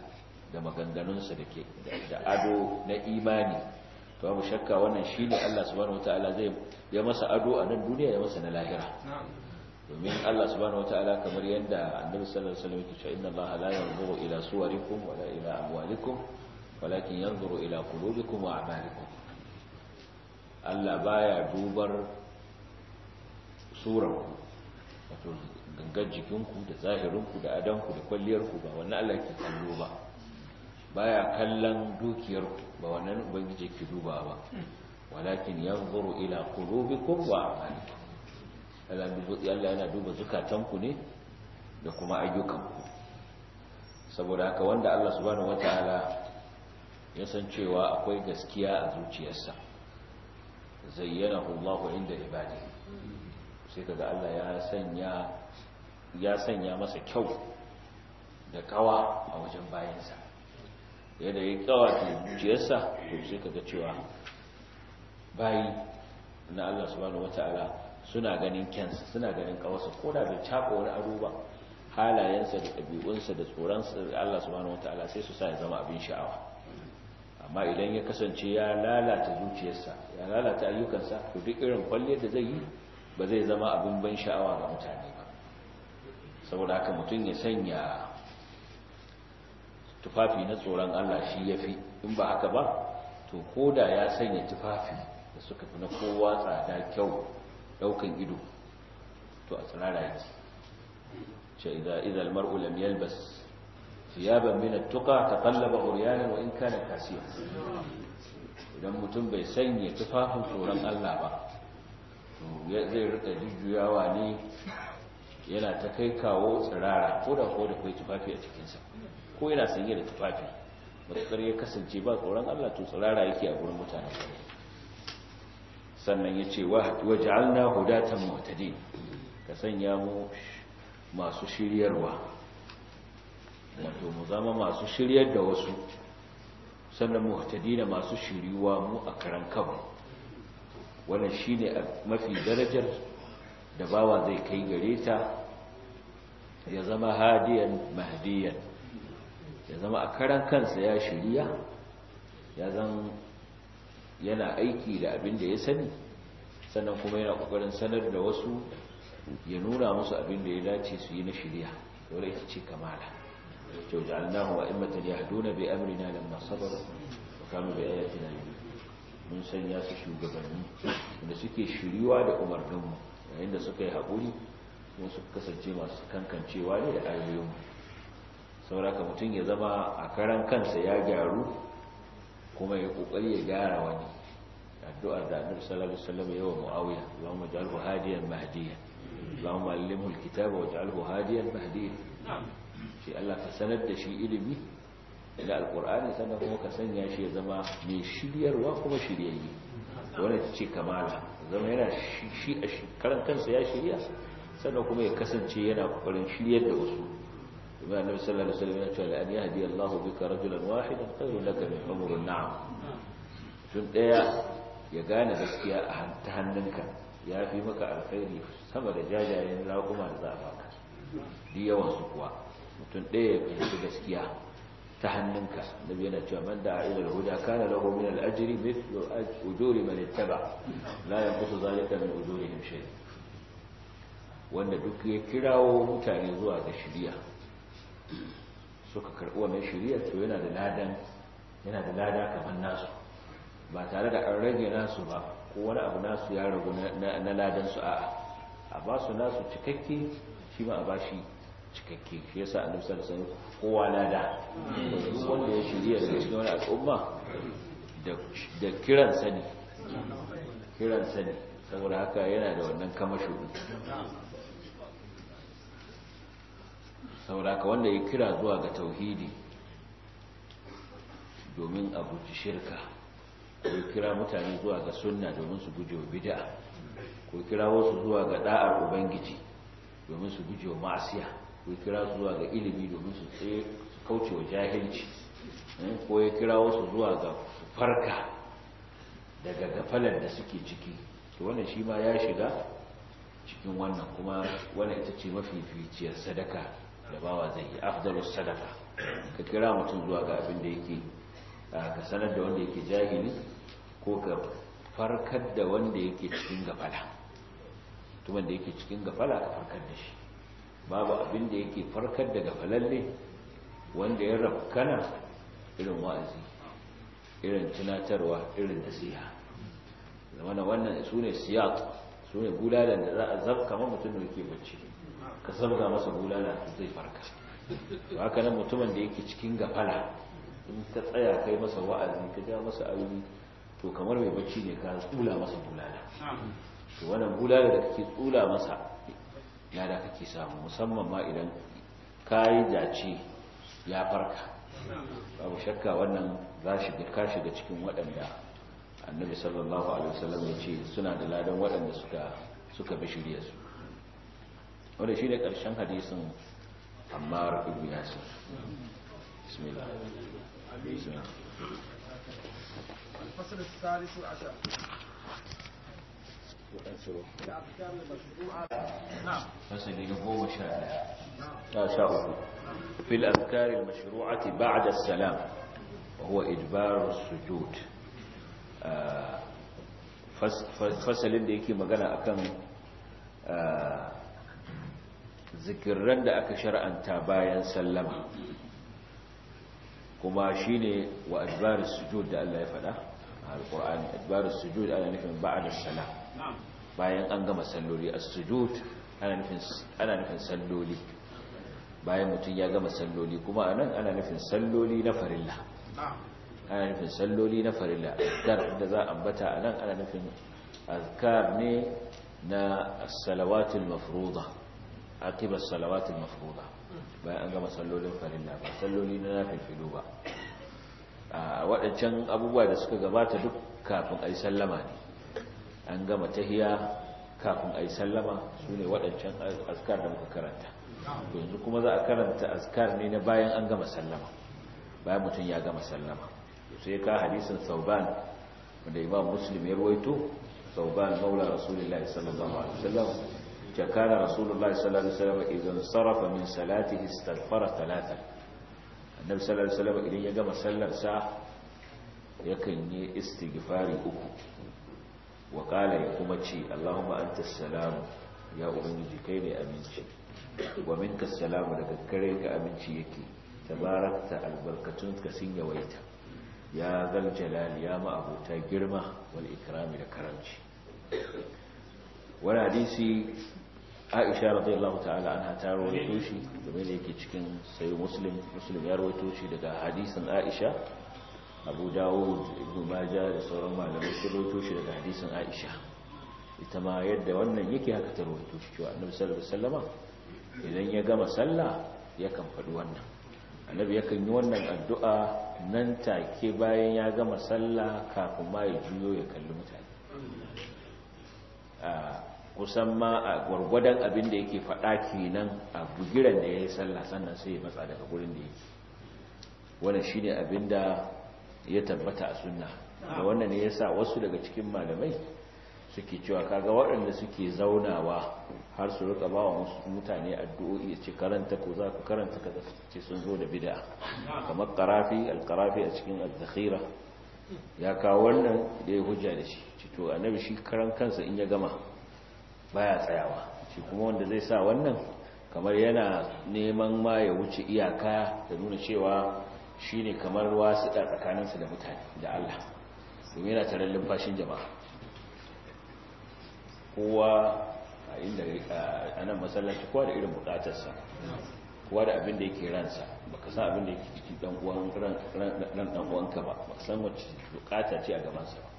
[SPEAKER 2] da maganganunsa da ke da ado na imani to babu shakka wannan shi ne Allah subhanahu ta'ala zai ya masa ado a nan duniya ya masa na lahira domin Allah subhanahu ta'ala kamar yadda annabi sallallahu alaihi wasallam yake cewa inna Allah la yanzuru ila suwarikum wala ila amwalikum walakin yanzuru ila qulubikum wa a'malikum Allah baya dubar surar gangan jikinku da zahirinku da adanku da kwalliyarku ba wani Allah ke kallo ba baya kallon dukiyarku ba wannan ubangiji ke duba ba walakin zuru ila qulubikum wa a'malikum Allah yana duba zukatanku ne da kuma ayyukanku saboda haka wanda Allah su subhanahu wataala ya san cewa akwai gaskiya a zuciyarsa zayyanahu Allahu inda ibadi sai kaga Allah ya sanya ya sanya masa kyau da kawa a wajen bayansa yadda ya kawa ke zuciyarsa to sai ga cewa bayi na Allah subhanahu wata'ala suna ganin kyansa suna ganin kawarsa ko da bai caka wani aro ba halayensa da ɗabi'unsa da tsoronsa da Allah subhanahu wata'ala sai su sa ya zama abin sha'awa amma idan ya kasance ya lalata zuciyarsa ya lalata ayyukansa to duk irin kwalliyar da zai yi ba zai zama abin ban sha'awa ga mutane saboda haka mutum ya sanya tufafi na tsoron Allah shi ya fi in ba haka ba to koda ya sanya tufafi da suka fi na kowa tsada kyau daukan ido to a tsirara yake ce idza almar'u lam yalbas thiyaban min tuka tuqa kallaba uryanan wa in kana kasiya idan mutum bai sanya tufafin tsoron Allah ba zai rika jujjuyawa ne yana ta kai kawo tsirara ko da ko da kai tufafi a cikinsa ko yana sanye da tufafi matuƙar ya kasance ba tsoron Allah to tsirara yake a gurin mutane sannan ya ce wa ja'alna hudatan muhtadin ka sanya mu masu shiryarwa wato mu zama masu shiryar da wasu sannan da masu shiryuwa mu a karan kanmu wannan shine mafi darajar da bawa zai kai gare ta ya zama hadiyan mahdiyan ya zama a karan kansa ya shirya ya zan yana aiki da abin da ya sani sannan kuma yana kokarin sanar da wasu ya nuna musu abin da ya dace su yi na shirya dole ita ce kamala to ja'alnahu a'immatan yahduna bi amrina lamma sabaru wa kanu bi ayatina mun sanya su shugabanni da suke shiriwa da umarninmu yayin da suka yi haƙuri kuma su kasance masu kankancewa ne da ayoyin sauraka mutum ya zama a karan kansa ya gyaru kuma ya kokari ya gyara wani addu'ar da annabi sallallahu alaihi wasallam yawa muawiya Allahumma ij'alhu hadiyan mahdiyan Allahumma allimhu alkitaba waj'alhu hadiyan mahdiyan shi Allah ka sanar da shi ilimi da alqur'ani sannan kuma ka sanya shi ya zama mai shiryarwa kuma shiryayye wannan ce kamala zama yana shi a karan kansa ya shirya sannan kuma ya kasance yana kokarin shiryar da wasu ibn annabi sallallahu alaihi wasallam ya ce an yahdi Allah bika rajulan wahidan khairun laka min umurun na'am tun daya ya gane gaskiya a ta hannunka ya fi maka alkhairi sama da jajayen raƙuma da za a baka duk yawan su kuwa mutum ɗaya ya fahimci gaskiya ta hannunka na yana cewa man da ila huda kana lahu min al-ajri mithlu ujuri man ittaba la yanqusu zalika min ujurihim shay'a wanda duk ya kirawo mutane zuwa ga shirya suka karɓi wannan shirya to yana da ladan yana da lada kamar nasu ba tare da an rage nasu ba ko wani abu nasu ya ragu na ladan su a'a a ba su nasu cikakke shi ma a ba shi cikakke shi sa annabi sallallahu alaihi kowa lada wanda ya shirya da cikin wani al'umma da kiran sani kiran sani saboda haka yana da wannan kamasho sauraka wanda ya kira zuwa ga tauhidi domin a guji shirka ko kira mutane zuwa ga sunna domin su wa bid'a ko kira wasu zuwa ga da'ar ubangiji domin su wa ma'asiya ko kira zuwa ga ilimi domin su kauce wa jahilci eh, ko ya kira wasu zuwa ga farka daga gafalar da suke ciki to wannan shi ma ya shiga cikin wannan kuma wannan ita ce mafificiyar sadaka da bawa zai yi afdalus sadaka ka kira mutum zuwa ga abin da yake ka sanar da wanda yake jahili ko ka farkar da wanda yake cikin gafala to da yake cikin gafala ka farkar da shi babu abin da yake farkar da gafalalle wanda ya kana irin wa'azi irin tunatarwa irin nasiha zamana wannan su ne siyatu sune ne bulalan da za a zab mutum da yake bacci ka zabga masa bulala da zai farka ba haka nan mutumin da yake cikin gafala in ka tsaya kai masa wa'azi ka ja masa aure to kamar mai bacci ne ka tsula masa bulala to wannan bulala da kake tsula masa ya da kake samu musamman ma idan ka yi dace ya farka babu shakka wannan za shi ka shiga cikin waɗanda annabi sallallahu alaihi wasallam ya ce suna da ladan waɗanda suka suka bi shirye su wanda shi ne ƙarshen hadisin ammar ibn yasir bismillah
[SPEAKER 1] bismillah الفصل الثالث عشر
[SPEAKER 2] في الأذكار المشروعة بعد السلام وهو إجبار السجود fasalin da yake magana akan zikirran da aka shar'anta bayan sallama kuma shine wa ajbarus sujud da Allah ya faɗa a alqur'ani ajbarus sujud ana nufin ba'da salam bayan an gama salloli as-sujud ana nufin ana nufin salloli bayan mutum ya gama salloli kuma anan ana nufin salloli na farilla ana nufin salloli na farilla azkar da za a bata a nan ana nufin azkar ne na salawatul mafruḍa akibar salawatul mafruḍa bayan an gama sallolin farilla ba salloli na nafilu ba a waɗancan abubuwa da suka gabata duk kafin ai sallama ne an gama tahiya kafin ai sallama su ne waɗancan azkar da muka karanta yanzu kuma za a karanta azkar ne na bayan an gama sallama bayan mutum ya gama sallama sai ka hadisin sauban wanda imam muslim ya ruwaito sauban maula rasulullahi sallallahu alaihi wasallam ta kana rasulullahi sallallahu alaihi wasallam idan sarafa min salatihi istaghfara thalatha annabi sallallahu alaihi wasallam idan ya gama sallar sa yakan yi istighfari uku wa qala ya kuma ce allahumma anta salam ya ubangiji kai ne aminci wa minka salamu daga kare ka aminci yake tabarakta ka sun yawaita ya zal jalali ya ma'abuta girma wal ikrami da karanci wani hadisi aisha allah ta'ala anha ta rawaito shi game da yake cikin sayi muslim muslim ya rawaito shi daga hadisin aisha abu dawud ibn majah da sauran malamai sun rawaito shi daga hadisin aisha ita ma yadda wannan yake haka ta rawaito shi cewa annabi sallallahu alaihi wasallama idan ya gama sallah kan faɗi wannan annabi yakan yi wannan addu'a nan take bayan ya gama sallah kafin ma ya juyo ya kalli mutane kusan ma a gwargwadon abin da yake faɗa kenan a bugiran da ya yi sallah sannan sai ya matsa daga gurin da yake shi ne abin da ya tabbata a sunna da wannan ne sa wasu daga cikin malamai suke cewa kaga waɗanda suke zaunawa har su rika ba wa mutane addu'o'i ce karanta ko za ku karanta ka ce sun zo da bid'a kamar karafi alkarafi a cikin azzakhira ya kawo wannan da ya hujja da shi ce to annabi shi karan kansa in ya gama baya tsayawa shi kuma wanda zai sa wannan kamar yana neman ma ya wuce iyaka da nuna cewa shine kamar wasu tsakaninsa da mutane da Allah domin yana tare fashin jama'a kowa a inda a nan masallaci kowa da irin bukatarsa kowa da abin da yake ransa baka san abin da yake ciki ɗan uwanka ba baka san wacce bukata ce a gabansa ba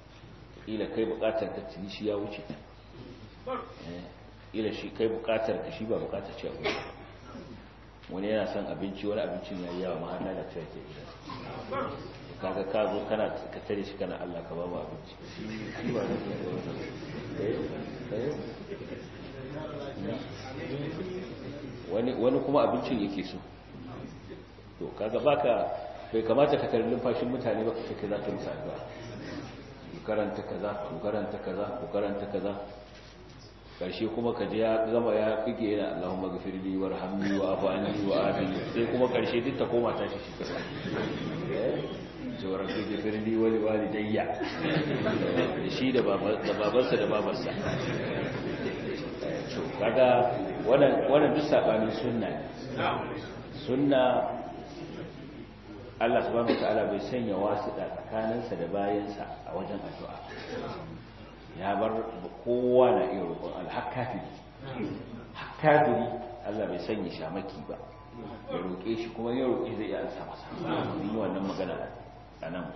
[SPEAKER 2] ila kai bukatar ka tuni shi ya wuce ta eh, ila shi kai bukatar ka shi ba bukatar ce a gurin wani yana son abinci wani abincin yayi yawa ma da lalacewa ke
[SPEAKER 1] gidansa kaga ka
[SPEAKER 2] zo kana ka tare shi kana Allah ka ba mu abinci
[SPEAKER 1] wani wani kuma abincin yake so
[SPEAKER 2] to kaga baka bai kamata ka tare lumfashin mutane ba ka za ka musa ba ku karanta kaza ku karanta kaza ku karanta kaza karshe kuma ka je ya zama ya fige yana Allahumma ghafirli warhamni wa afani wa afini sai kuma karshe duk ta koma ta shi kasa eh? jawarar gaji birni wani walidayya da shi da babansa da babarsa
[SPEAKER 1] kaga wannan duk sabanin suna ne sunna
[SPEAKER 2] Allah subhanahu ta'ala bai sanya wasu da tsakaninsa da bayansa a wajen addu'a ya bar kowa na iya roƙon alhakkafiri hakkafiri Allah bai sanya shamaki ba ya roƙe shi kuma ya roƙe zai iya ansa masa yi wannan magana a nan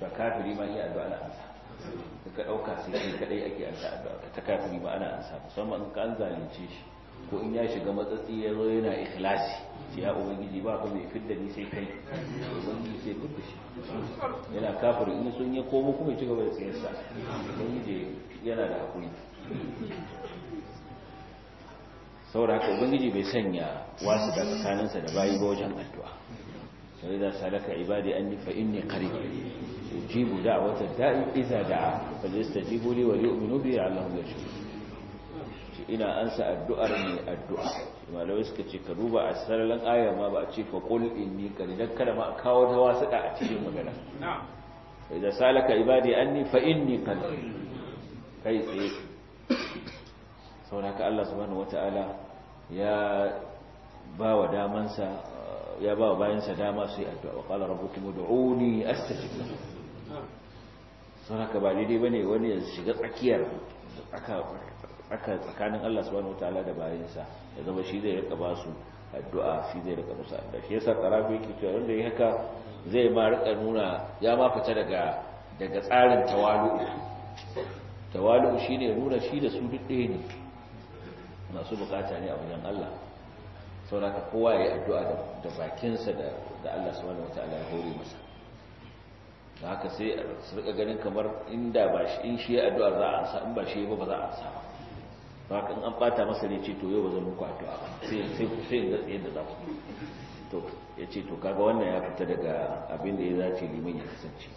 [SPEAKER 2] ta kafiri ma yi addu'a na ansa da ka ɗauka sai kai kaɗai ake ansa addu'a ta kafiri ma ana ansa musamman in ka an zalunce shi ko in ya shiga matsatsi ya zo yana ikhlasi shi ya ubangiji ba ku mai fidda ni sai kai ubangiji sai fidda shi yana kafiri in sun ya komo kuma ya ci gaba da tsayarsa ubangiji yana da hakuri saboda haka ubangiji bai sanya wasu da tsakaninsa da bayi ba wajen addu'a sai da salaka ibadi anni fa inni qarib ujibu da'wata da'i idza da'a falyastajibu li wa yu'minu bi allahum yashkur ina ansa addu'ar mai addu'a malawai suka ce ka duba a sararin ayar ma ba a ce fa qul inni qarib dan kada ma a kawo ta wasu da a cikin magana sai da salaka ibadi anni fa inni qarib kai tsaye saboda haka Allah subhanahu wataala ya ba wa damansa ya ba bayansa dama su yi addu'a wa qala rabbukum ud'uni astajib lakum haka ba daidai ba ne wani ya shiga tsakiyar aka tsakanin Allah subhanahu wataala da bayansa ya zama shi zai rika ba su addu'a shi zai rika musa da shi yasa karafi yake cewa wanda ya haka zai ma rika nuna ya ma fita daga daga tsarin tawalu
[SPEAKER 1] tawalu ne nuna
[SPEAKER 2] shi da su duk ɗaya ne masu bukata ne a wajen Allah sauraka kowa ya yi addu'a da bakinsa da Allah subhanahu wataala ya hori masa da haka sai su rika ganin kamar inda ba shi in shi ya addu'a za a ansa in ba shi ba ba za a sa ba ba in an bata masa ne ce to yau ba zan muku addu'a ba sai sai sai in gatsa yadda za ku to ya ce to kaga wannan ya fita daga abin da ya zace liman ya kasance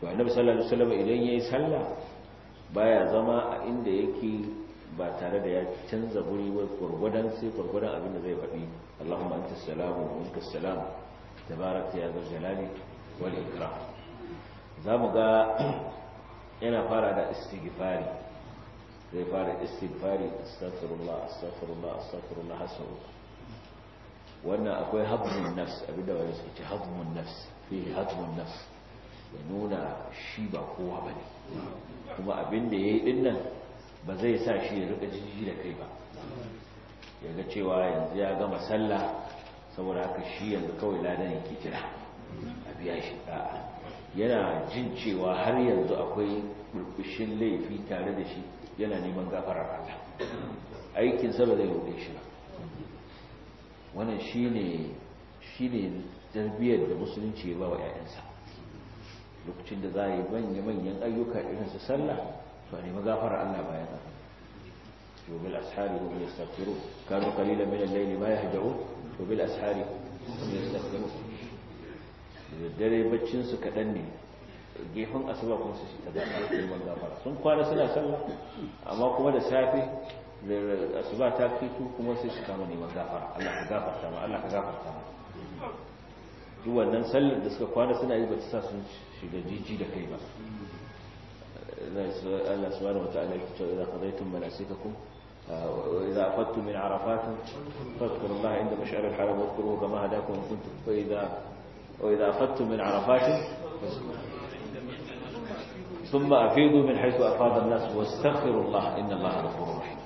[SPEAKER 2] to annabi sallallahu alaihi wasallam idan yayi sallah baya zama a inda yake ba tare da ya canza guri wai gurgudan sai gurgudan abin da zai faɗi Allahumma anta salamu wa minka salam tabaraka ya zal jalali wal ikram mu ga yana fara da istighfari zai fara istighfari astaghfirullah astaghfirullah astaghfirullah hasan wannan akwai hadmun nafs da wani suke ce hadmun nafs fihi hadmun nafs ya nuna shi ba kowa bane kuma abin da yayi dinnan ba zai sa shi ya rika jiji da kai ba ya ga cewa yanzu ya gama sallah saboda haka shi yanzu kawai ladan yake kira a biya shi da'a yana jin cewa har yanzu akwai burbushin laifi tare da shi yana neman gafarar Allah aikinsa ba zai rude shi ba wannan shi ne jarbiyar da musulunci ya ba wa 'ya'yansa lokacin da za a yi manya-manyan ayyuka irin su sallah to a nemi gafarar Allah bayan haka to bil ashari hum yastaghfiru kanu qalilan min al-layli ma yahja'un to bil ashari dare baccin kadan ne gefen asuba kuma su ta da neman gafara sun kwana suna sallah amma kuma da safe da asuba ta fito kuma sai su kama neman gafara Allah ka gafarta ma Allah ka gafarta
[SPEAKER 1] ma
[SPEAKER 2] duk wannan sallar da suka kwana suna yi ba ta sa sun shiga jiji da kai ba الله سبحانه وتعالى إذا قضيتم مناسككم آه، وإذا أخذتم من عرفات فاذكروا الله عند مشعر الحرم واذكروه كما هداكم كنتم فإذا وإذا أخذتم من عرفات ثم أفيضوا من حيث أفاض الناس واستغفروا الله إن الله غفور رحيم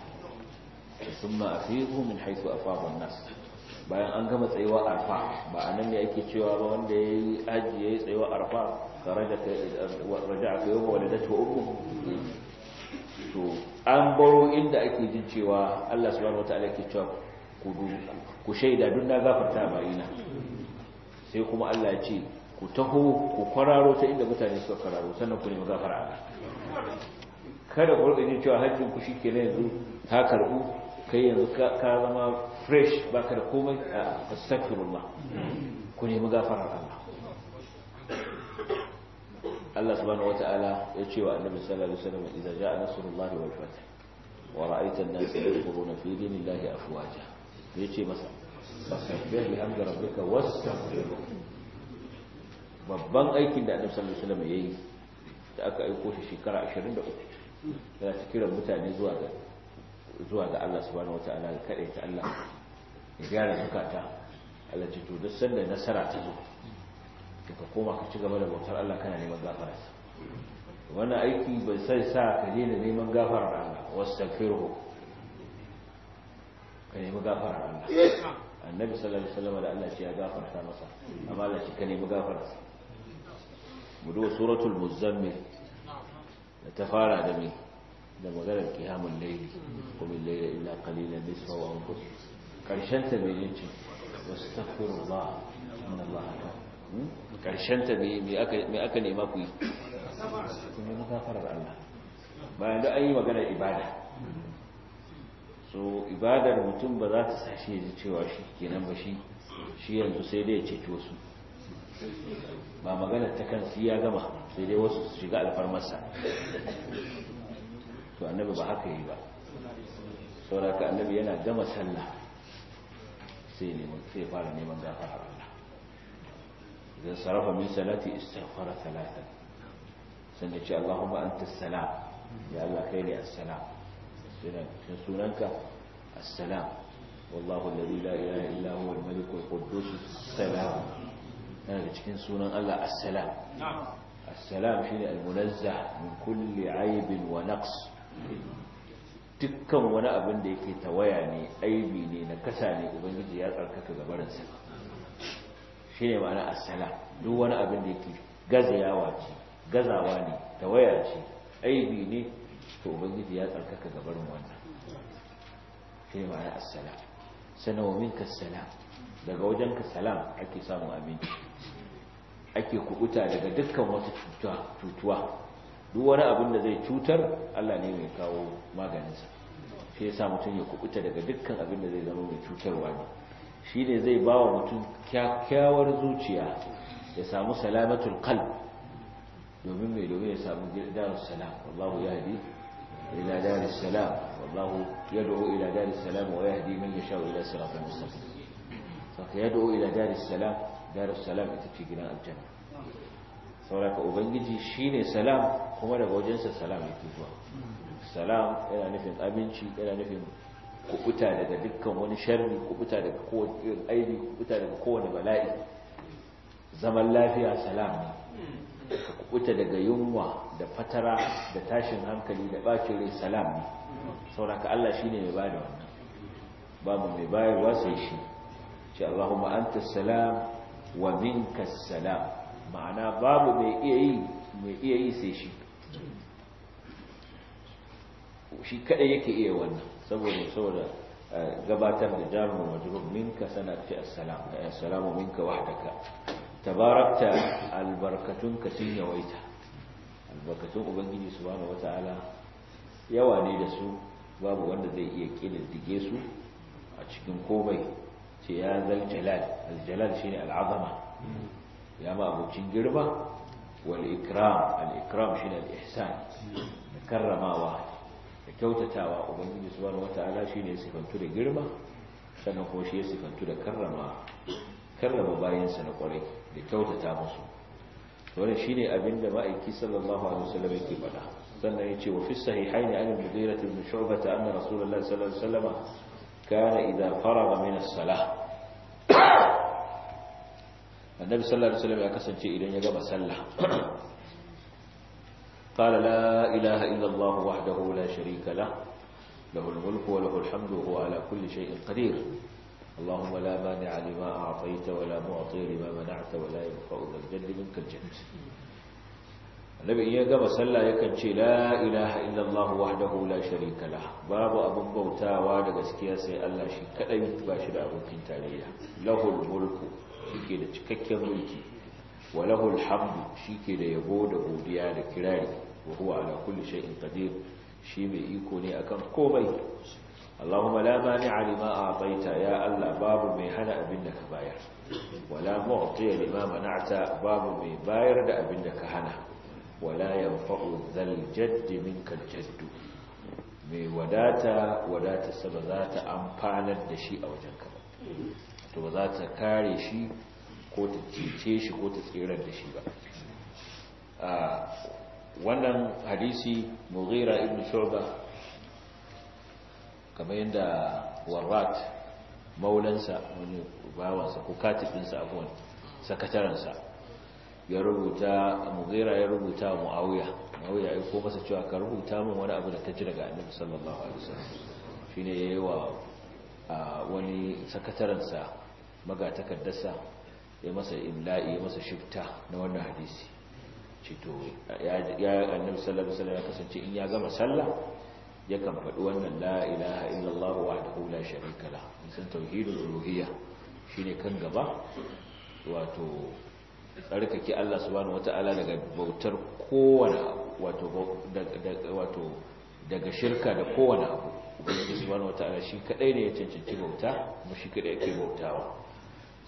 [SPEAKER 2] ثم أفيضوا من حيث أفاض الناس بأن an gama أرفع arfa ba a nan ne ake cewa أرفع kharajaka raja'aka yawma waladatu ummu to an baro inda ake jin cewa Allah subhanahu wataala yake cewa ku ku shaida duk na gafarta bayina sai kuma Allah ya ce ku taho ku kwararo ta inda mutane suka kwararo sannan ku nemi gafara kada ku rika jin cewa hajjin ku shi kenan yanzu ta karbu kai yanzu ka zama fresh baka da komai astaghfirullah ku nemi gafara Allah subhanahu wata'ala ya ce wa annabi sallallahu alaihi wasallam idza ja'a nasrullahi wal fath wa ra'aita an-nasa yadkhuluna fi dinillahi afwaja ya ce masa sabbih bihamdi rabbika wastaghfirhu babban aikin da annabi sallallahu alaihi wasallam yayi da aka aiko shi shekara 23 yana kiran mutane zuwa ga zuwa ga Allah subhanahu wata'ala ya ta Allah ya gyara zakata Allah ji to da sanda nasara ta zo ka koma ka ci gaba da bautar Allah kana neman gafara wannan aiki bai sai sa ka daina neman gafara Allah wastaghfiruhu ka nemi gafara Allah annabi sallallahu alaihi wasallam da Allah shi ya gafarta masa amma Allah shi ka nemi gafara mu do suratul muzammil da ta fara da me da maganar qiyamul layl qul layla illa qalilan nisfa wa anqus karshen ta ne yace wastaghfirullah inna Allah ghafur ta mai aka nema ku yi kuma na da Allah bayan da an yi maganar ibada so ibadar mutum ba za ta sashe ji cewa shi kenan ba shi shi yanzu sai dai ce wasu
[SPEAKER 1] ba magana ta kan ya
[SPEAKER 2] gama sai dai wasu su shiga alfarmarsa
[SPEAKER 1] to annabi ba haka yi ba sauraka annabi yana gama sallah
[SPEAKER 2] sai fara neman gafara idan sarrafa min salati istighfara thalathan sannan ce Allahumma anta salam ya Allah kai ne assalam sunan sunanka assalam wallahu alladhi la ilaha illa huwa al-malik al-quddus salam da cikin sunan Allah assalam assalam shine al-munazzah min kulli aibin wa naqs dukkan wani abin da yake tawaya ne aibi ne na kasa ne ubangiji ya tsarkaka gabarinsa shi ne ma'ana asala duk wani abin da yake gazayawa ce gazawa ne waya ce aibi ne to ubangiji ya tsarkaka gabarin wannan shi ne ma'ana asala sanawomin ka salam daga wajen ka salam ake samun abinci ake kubuta daga dukkan wata cutuwa duk wani abin da zai cutar Allah ne mai kawo maganinsa shi sa mutum ya kubuta daga dukkan abin da zai zama mai cutarwa ne shi ne zai ba wa mutum kyakkyawar zuciya ya samu salamatul qalb domin mai domin ya samu darus salam wallahu yahdi ila daris salam wallahu do'o ila daris salam wa ya min ya sha'o ila siratal mustaqim saka do'o ila daris salam darus salam ita ce gidan aljanna sauraka ubangiji shi ne salam kuma daga wajensa salam yake zuwa salam yana nufin abinci yana nufin Ku fita daga dukkan wani sharri fita daga kowane irin aibi fita daga kowane bala'i zaman lafiya salam ne fita daga yunwa da fatara da tashin hankali da bacin rai salam ne sauraka Allah shine mai bada wannan babu mai bayarwa sai shi ce Allahumma anta salam wa minka salam ma'ana babu mai iya yi mai iya yi sai shi shi kada yake iya wannan saboda saboda eh, gabatar da jarumin majrur minka sanati assalam da eh, assalamu minka wahdaka tabarakta ka sun yawaita albarkatun ubangiji subhanahu wataala yawa ne da su babu wanda zai iya kididdige su a cikin komai ce ya zal jalal jalal shine al azama ya ma abucin girma wal ikram al ikram shine al ihsan karramawa kyautatawa ubangiji subhanahu wataala shine sifantu da girma sannan kuma shi ya sifantu da karrama karrama bayansa na kwarai da kyautata musu wannan shine abin da ma'aiki sallallahu alaihi wasallam yake faɗa sannan yace wa fi sahihain an al-mughira ibn shu'bah anna rasulullahi sallallahu alaihi wasallam kana idza faraga min as-salah annabi sallallahu alaihi wasallam ya kasance idan ya gama sallah قال لا إله إلا الله وحده لا شريك له له الملك وله الحمد وهو على كل شيء قدير اللهم لا مانع لما أعطيت ولا معطي لما منعت ولا ينفع ذا الجد منك الجد النبي إياه قام سلا يكن لا إله إلا الله وحده لا شريك له باب أبو بوتا وعد قسكيا سي الله شي كأي باشر أبو كنت عليها له الملك شكي لتككي ملكي wa lahu shi ke da yabo da godiya da kirari wa huwa ala kulli shay'in shi mai iko ne akan komai Allahumma la mani'a lima a'taita ya Allah babu mai hana abin da ka bayar wala mu'tiya lima mana'ta babu mai bayar da abin da ka hana wala yanfa'u dhal jadd minka jaddu mai wadata wadata sa ba ta amfanar da shi a wajenka ba to ba za ta kare shi ko ta cece shi ko ta tsirar da shi ba wannan hadisi mughira ibn shuba kamar yadda warrat maulansa wani bawansa ko katibinsa abuwan sakataransa. ya rubuta mughira ya rubuta muawiya muawiya ya ko masa cewa ka rubuta min wani abu da ta ji daga annabi sallallahu alaihi wasallam shine yayi wa wani sakataransa magatakardarsa. ya masa imla'i ya masa shifta na wannan hadisi cito ya annabi sallallahu alaihi wasallam kasance in ya gama sallah yakan faɗi wannan la ilaha illallah wahdahu la sharika la sun tauhidul uluhiyya shine kan gaba wato tsarkake Allah subhanahu wataala daga bautar kowane wato wato daga shirka da kowane abu ubangiji subhanahu wataala shi kadai ne ya cancanci bauta kuma shi kadai yake bautawa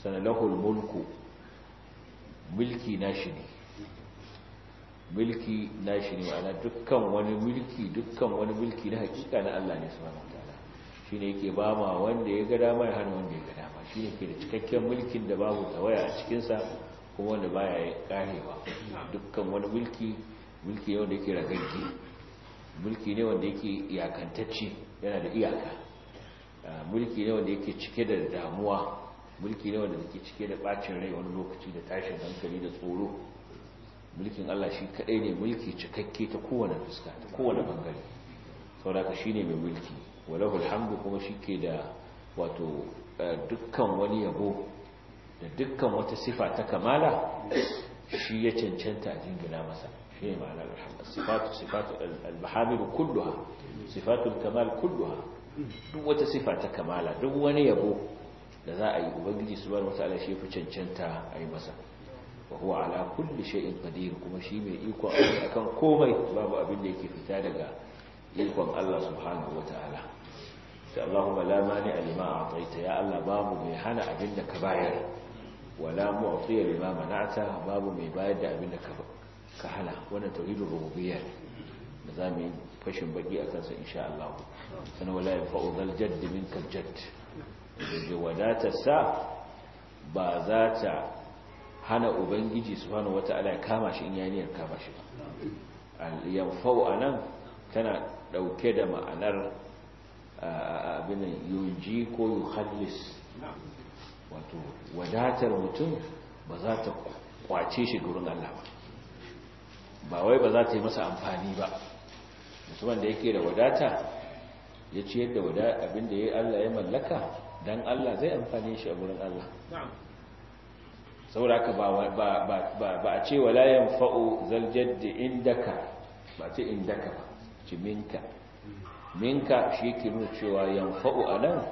[SPEAKER 2] Sana lahul mulku milki nashi ne milki nashi ne ma'ana dukkan wani milki dukkan wani milki na hakika na Allah ne subhanahu wataala shine yake ba ma wanda ya ga dama ya hana wanda ya ga dama shine ke da cikakken mulkin da babu tawaya a cikin sa kuma wanda baya karewa dukkan wani milki milki ne wanda yake ragagge mulki ne wanda yake iyakantacce yana da iyaka ah, mulki ne wanda yake cike da damuwa mulki ne wanda zai cike da bacin rai wani lokaci da tashin hankali da tsoro mulkin Allah shi kadai ne mulki cikakke ta kowane fuska ta kowane bangare saboda ka shine mai mulki walahu alhamdu kuma shi ke da wato eh, dukkan wani yabo da dukkan wata sifa ta kamala shi ya cancanta a jingina masa shi ne ma'anar alhamdu sifatu sifatu al-mahamidu kulluha sifatu al-kamal kulluha duk wata sifa ta kamala duk wani yabo da za a yi ubangiji subhanahu wataala shi fi cancanta a yi masa wa ala kulli shay'in qadir kuma shi mai iko akan komai babu abin da yake fita daga ikon Allah subhanahu wataala sai Allahumma la mani alima a'taita ya Allah babu mai hana abin da ka bayar wala mu'ti lima mana'ta babu mai bayar da abin da ka hana wannan tauhidur rububiyyah da mu yi fashin baki akan sa insha Allah sanan wala yafa'u dal jadd minka jadd da wadatarsa ba za ta hana ubangiji su wata ala ya kama shi in yaniyar kama shi ba a nan tana ɗauke da ma'anar abinan yuji ko yuhallis wato wadatar mutum ba za ta kwace shi gurin Allah ba ba wai ba za ta yi masa amfani ba musamman da yake da wadata ya ciyar da abinda ya Allah ya mallaka dan Allah zai amfani shi a gurin Allah saboda ka ba a ce wala yanfa'u zaljaddi indaka ba ce indaka ba ci minka minka shi ke nuna cewa yanfa'u anan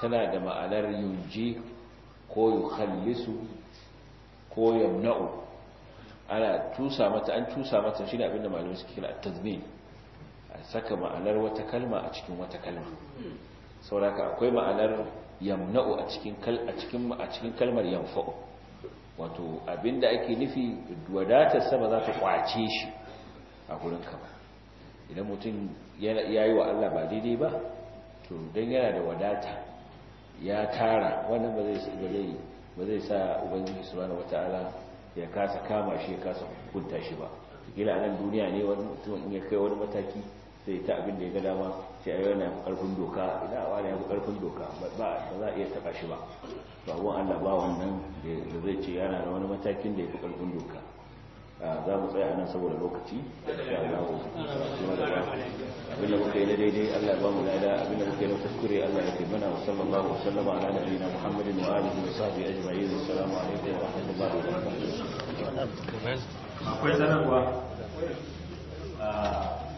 [SPEAKER 2] tana da ma'anar yunji ko yukhallisu ko yamna'u ana tusa mata an tusa mata shi ne abinda malamai suke kira at-tazmin a saka ma'anar wata kalma a cikin wata kalma hmm. saboda akwai ma'anar yamna'u a cikin a cikin a cikin kalmar yanfa'u wato abinda ake nufi wadatar sa ba za ta kwace shi a gurin ka ba idan mutum yayi wa Allah ba daidai ba to dan yana da wadata ya tara wannan ba zai ba zai ba zai sa ubangiji subhanahu ya kasa kama shi ya kasa hukunta shi ba kila anan duniya ne wani mutum in ya kai wani mataki sai ta abin da ya ga dama sai ayo yafi karfin doka ina wani karfin doka ba za a iya taba shi ba ba wani Allah ba wannan da zai ce yana da wani matakin da yafi karfin doka za mu tsaya nan saboda lokaci insha Allah kuma da lada abin muka yi na ya sallama ala
[SPEAKER 1] Muhammadin wa